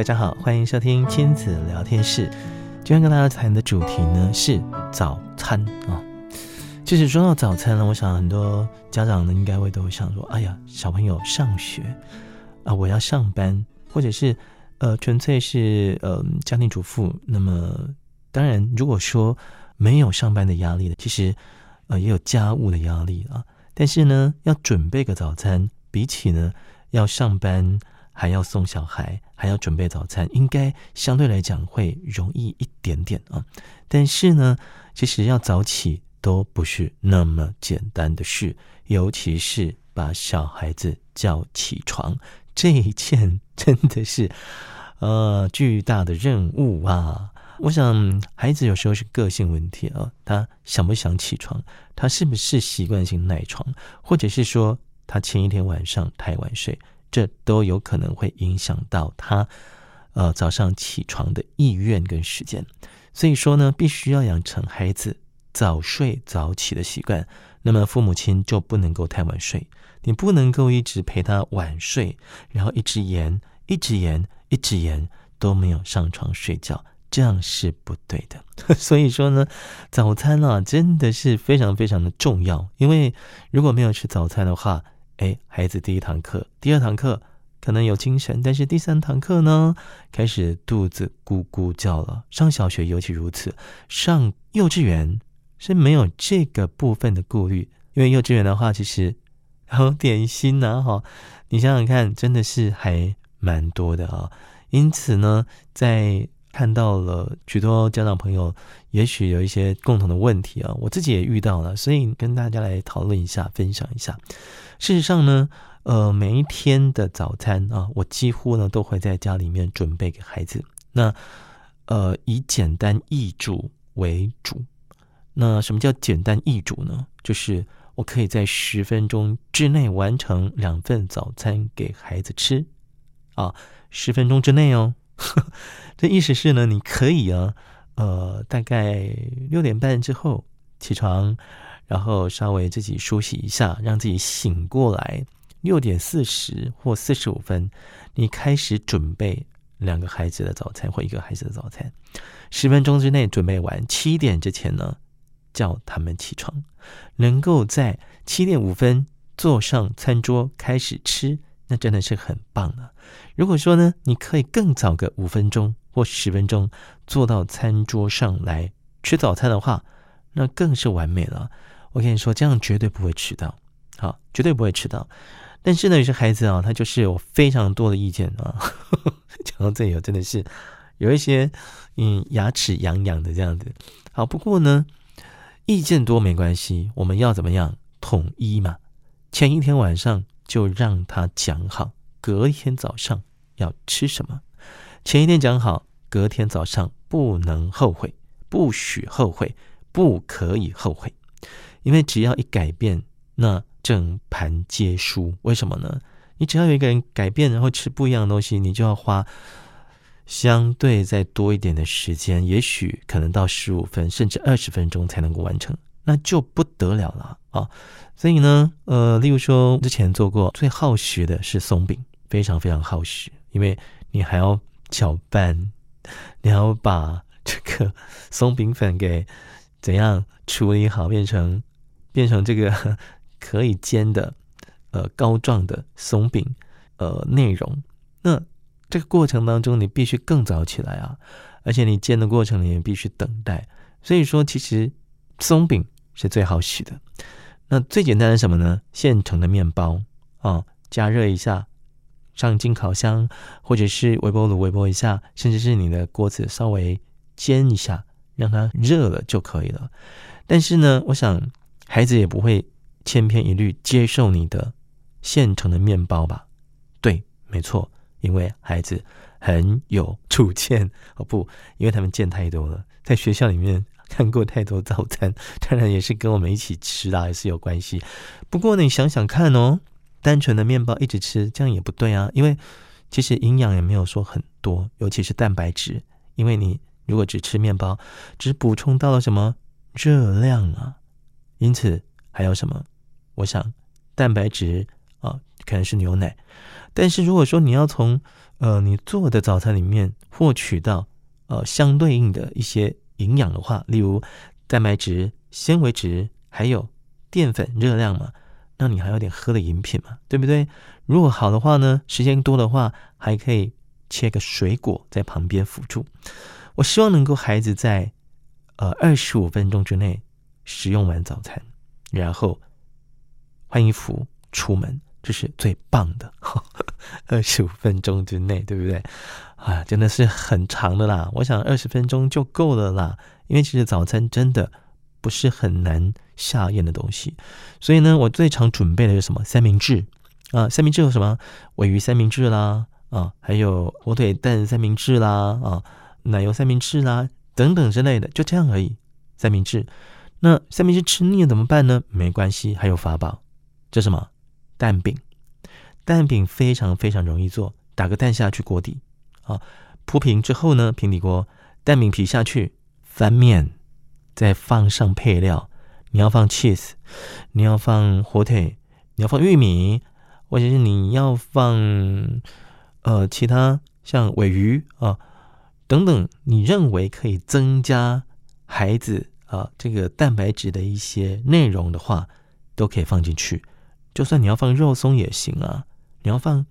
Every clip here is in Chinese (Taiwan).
大家好，歡迎收聽親子聊天室。今天跟大家談的主題呢是早餐啊。就、嗯、其實說到早餐呢，我想很多家長呢應該會都會想說：“哎呀，小朋友上學啊，我要上班，或者是呃，純粹是呃家庭主婦。”那麼，當然如果說沒有上班的壓力，其實呃也有家務的壓力啊。但是呢，要準備個早餐，比起呢要上班，還要送小孩，還要準備早餐，應該相對來講會容易一點點啊、哦。但是呢，其實要早起都不是那麼簡單的事，尤其是把小孩子叫起床，這一件真的是呃巨大的任務啊。我想，孩子有時候是個性問題啊、哦，他想不想起床，他是不是習慣性賴床，或者是說他前一天晚上太晚睡。這都有可能會影響到他，呃，早上起床的意願跟時間。所以說呢，必須要養成孩子早睡早起的習慣。那麼父母親就不能夠太晚睡，你不能夠一直陪他晚睡，然後一直延、一直延、一直延都沒有上床睡覺，這樣是不對的。 所以說呢，早餐啊真的是非常非常的重要，因為如果沒有吃早餐的話。哎，孩子第一堂課、第二堂課可能有精神，但是第三堂課呢，開始肚子咕咕叫了。上小學尤其如此，上幼稚園是沒有這個部分的顧慮，因為幼稚園的話，其實好點心啊。哈，你想想看，真的是還蠻多的啊，哦。因此呢，在看到了許多家長朋友，也許有一些共同的問題啊，我自己也遇到了，所以跟大家來討論一下，分享一下。事實上呢，呃，每一天的早餐啊，我幾乎呢都會在家裡面準備給孩子。那呃，以簡單易煮為主。那什麼叫簡單易煮呢？就是我可以在十分鐘之內完成兩份早餐給孩子吃啊，十分鐘之內哦。 這意思是呢，你可以啊，呃，大概六點半之後起床，然後稍微自己梳洗一下，讓自己醒過來。六點四十或四十五分，你開始準備兩個孩子的早餐或一個孩子的早餐，十分鐘之內準備完。七點之前呢，叫他們起床，能夠在七點五分坐上餐桌開始吃。那真的是很棒的啊。如果說呢，你可以更早個五分鐘或十分鐘坐到餐桌上來吃早餐的話，那更是完美了。我跟你說，這樣絕對不會遲到，好，絕對不會遲到。但是呢，有些孩子啊，他就是有非常多的意見啊。呵呵，講到這裡，真的是有一些嗯牙齒癢癢的這樣子。好，不過呢，意見多沒關係，我們要怎麼樣統一嘛？前一天晚上。就讓他講好，隔天早上要吃什麼。前一天講好，隔天早上不能後悔，不許後悔，不可以後悔。因為只要一改變，那整盤皆輸。為什麼呢？你只要有一個人改變，然後吃不一樣的東西，你就要花相對再多一點的時間，也許可能到十五分甚至二十分鐘才能夠完成，那就不得了了。啊，所以呢，呃，例如說之前做過最耗時的是鬆餅，非常非常耗時，因為你還要攪拌，你要把這個鬆餅粉給怎樣處理好，變成變成這個可以煎的呃膏狀的鬆餅呃內容。那這個過程當中，你必須更早起來啊，而且你煎的過程，你也必須等待。所以說，其實鬆餅是最好使的。那最簡單的是什麼呢？現成的麵包啊、哦，加熱一下，上進烤箱，或者是微波爐微波一下，甚至是你的鍋子稍微煎一下，讓它熱了就可以了。但是呢，我想孩子也不會千篇一律接受你的現成的麵包吧？對，沒錯，因為孩子很有主見哦，不，因為他們見太多了，在學校裡面。看過太多早餐，當然也是跟我們一起吃的、啊、還是有關係。不過你想想看哦，單純的麵包一直吃，這樣也不對啊。因為其實營養也沒有說很多，尤其是蛋白質。因為你如果只吃麵包，只補充到了什麼熱量啊？因此還有什麼？我想蛋白質啊、呃，可能是牛奶。但是如果說你要從呃你做的早餐裡面獲取到呃相對應的一些。營養的話，例如蛋白質、纖維質，還有澱粉、熱量嘛？那你還有點喝的飲品嘛？對不對？如果好的話呢，時間多的話，還可以切個水果在旁邊輔助。我希望能夠孩子在呃二十五分鐘之內食用完早餐，然後換衣服出門，這、就是最棒的。二十五分鐘之內，對不對？哎，真的是很長的啦！我想二十分鐘就夠了啦，因為其實早餐真的不是很難下咽的東西。所以呢，我最常準備的是什麼？三明治啊、呃，三明治有什麼？鮪魚三明治啦，啊、呃，還有火腿蛋三明治啦，啊、呃，奶油三明治啦，等等之類的，就這樣而已。三明治，那三明治吃膩了怎麼辦呢？沒關係，還有法寶，這什麼？蛋餅。蛋餅非常非常容易做，打個蛋下去鍋底。啊，鋪平之後呢，平底鍋蛋餅皮下去，翻面，再放上配料。你要放 cheese，你要放火腿，你要放玉米，或者是你要放呃其他像鮪魚啊、呃、等等，你認為可以增加孩子啊、呃、這個蛋白質的一些內容的話，都可以放進去。就算你要放肉鬆也行啊，你要放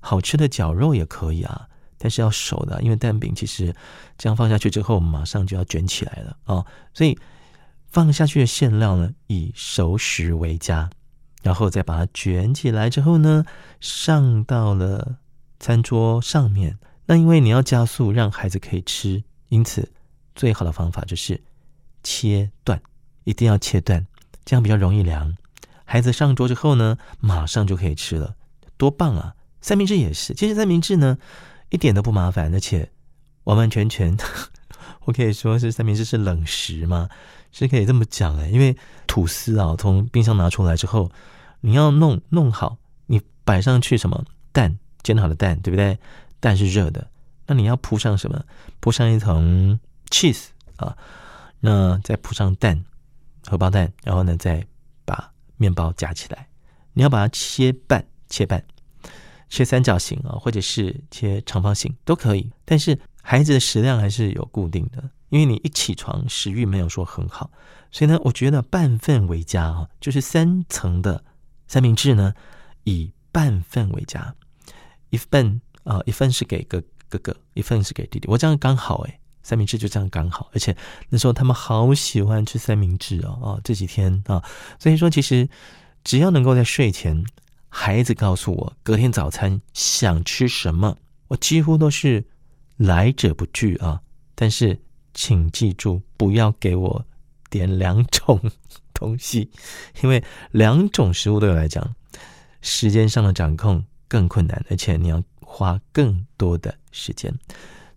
好吃的絞肉也可以啊。但是要熟的，因為蛋餅其實這樣放下去之後，馬上就要捲起來了啊、哦！所以放下去的餡料呢，以熟食為佳，然後再把它捲起來之後呢，上到了餐桌上面。那因為你要加速讓孩子可以吃，因此最好的方法就是切斷，一定要切斷，這樣比較容易涼。孩子上桌之後呢，馬上就可以吃了，多棒啊！三明治也是，其實三明治呢。一點都不麻煩，而且完完全全， 我可以說是三明治是冷食嘛，是可以這麼講哎、欸。因為吐司啊，從冰箱拿出來之後，你要弄弄好，你擺上去什麼？蛋，煎好的蛋，對不對？蛋是熱的，那你要鋪上什麼？鋪上一層 cheese 啊，那再鋪上蛋，荷包蛋，然後呢，再把麵包夾起來，你要把它切半，切半。切三角形啊，或者是切長方形都可以，但是孩子的食量還是有固定的，因為你一起床食欲沒有說很好，所以呢，我覺得半份為佳啊，就是三層的三明治呢，以半份為佳，一份啊，一份是給哥哥，哥一份是給弟弟，我這樣剛好誒、欸、三明治就這樣剛好，而且那時候他們好喜歡吃三明治哦哦，這幾天啊、哦，所以說其實只要能夠在睡前。孩子告訴我，隔天早餐想吃什麼，我幾乎都是來者不拒啊。但是，請記住，不要給我點兩種東西，因為兩種食物對我來講，時間上的掌控更困難，而且你要花更多的時間。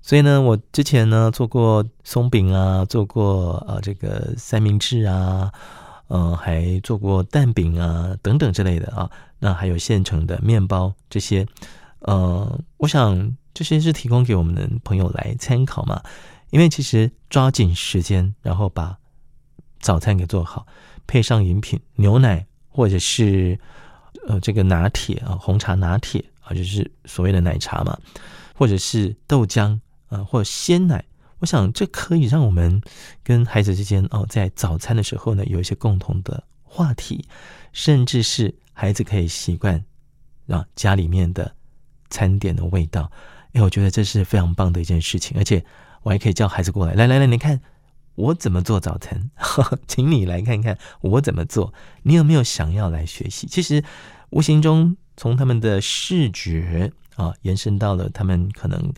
所以呢，我之前呢做過鬆餅啊，做過啊、呃、這個三明治啊。嗯、呃，還做過蛋餅啊等等之類的啊，那還有現成的麵包這些，嗯、呃，我想這些是提供給我們的朋友來參考嘛，因為其實抓緊時間，然後把早餐給做好，配上飲品，牛奶或者是呃這個拿鐵啊，紅茶拿鐵啊，就是所謂的奶茶嘛，或者是豆漿啊、呃，或者鮮奶。我想，這可以讓我們跟孩子之間哦，在早餐的時候呢，有一些共同的話題，甚至是孩子可以習慣啊家裡面的餐點的味道。哎，我覺得這是非常棒的一件事情，而且我還可以叫孩子過來，來來來，你看我怎麼做早餐，哈哈，請你來看看我怎麼做，你有沒有想要來學習？其實無形中從他們的視覺啊，延伸到了他們可能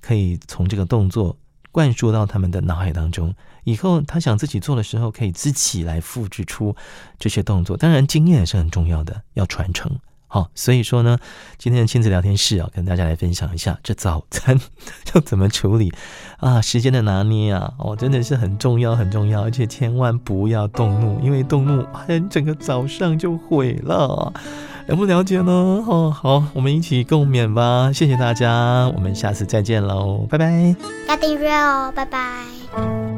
可以從這個動作。灌輸到他們的腦海當中，以後他想自己做的時候，可以自己來複製出這些動作。當然，經驗是很重要的，要傳承。好、哦，所以說呢，今天的親子聊天室啊，跟大家來分享一下這早餐要怎麼處理啊，時間的拿捏啊，哦，真的是很重要很重要，而且千萬不要動怒，因為動怒，很整個早上就毀了，了不了解呢？哦，好，我們一起共勉吧，謝謝大家，我們下次再見嘍，拜拜，要訂閱哦，拜拜。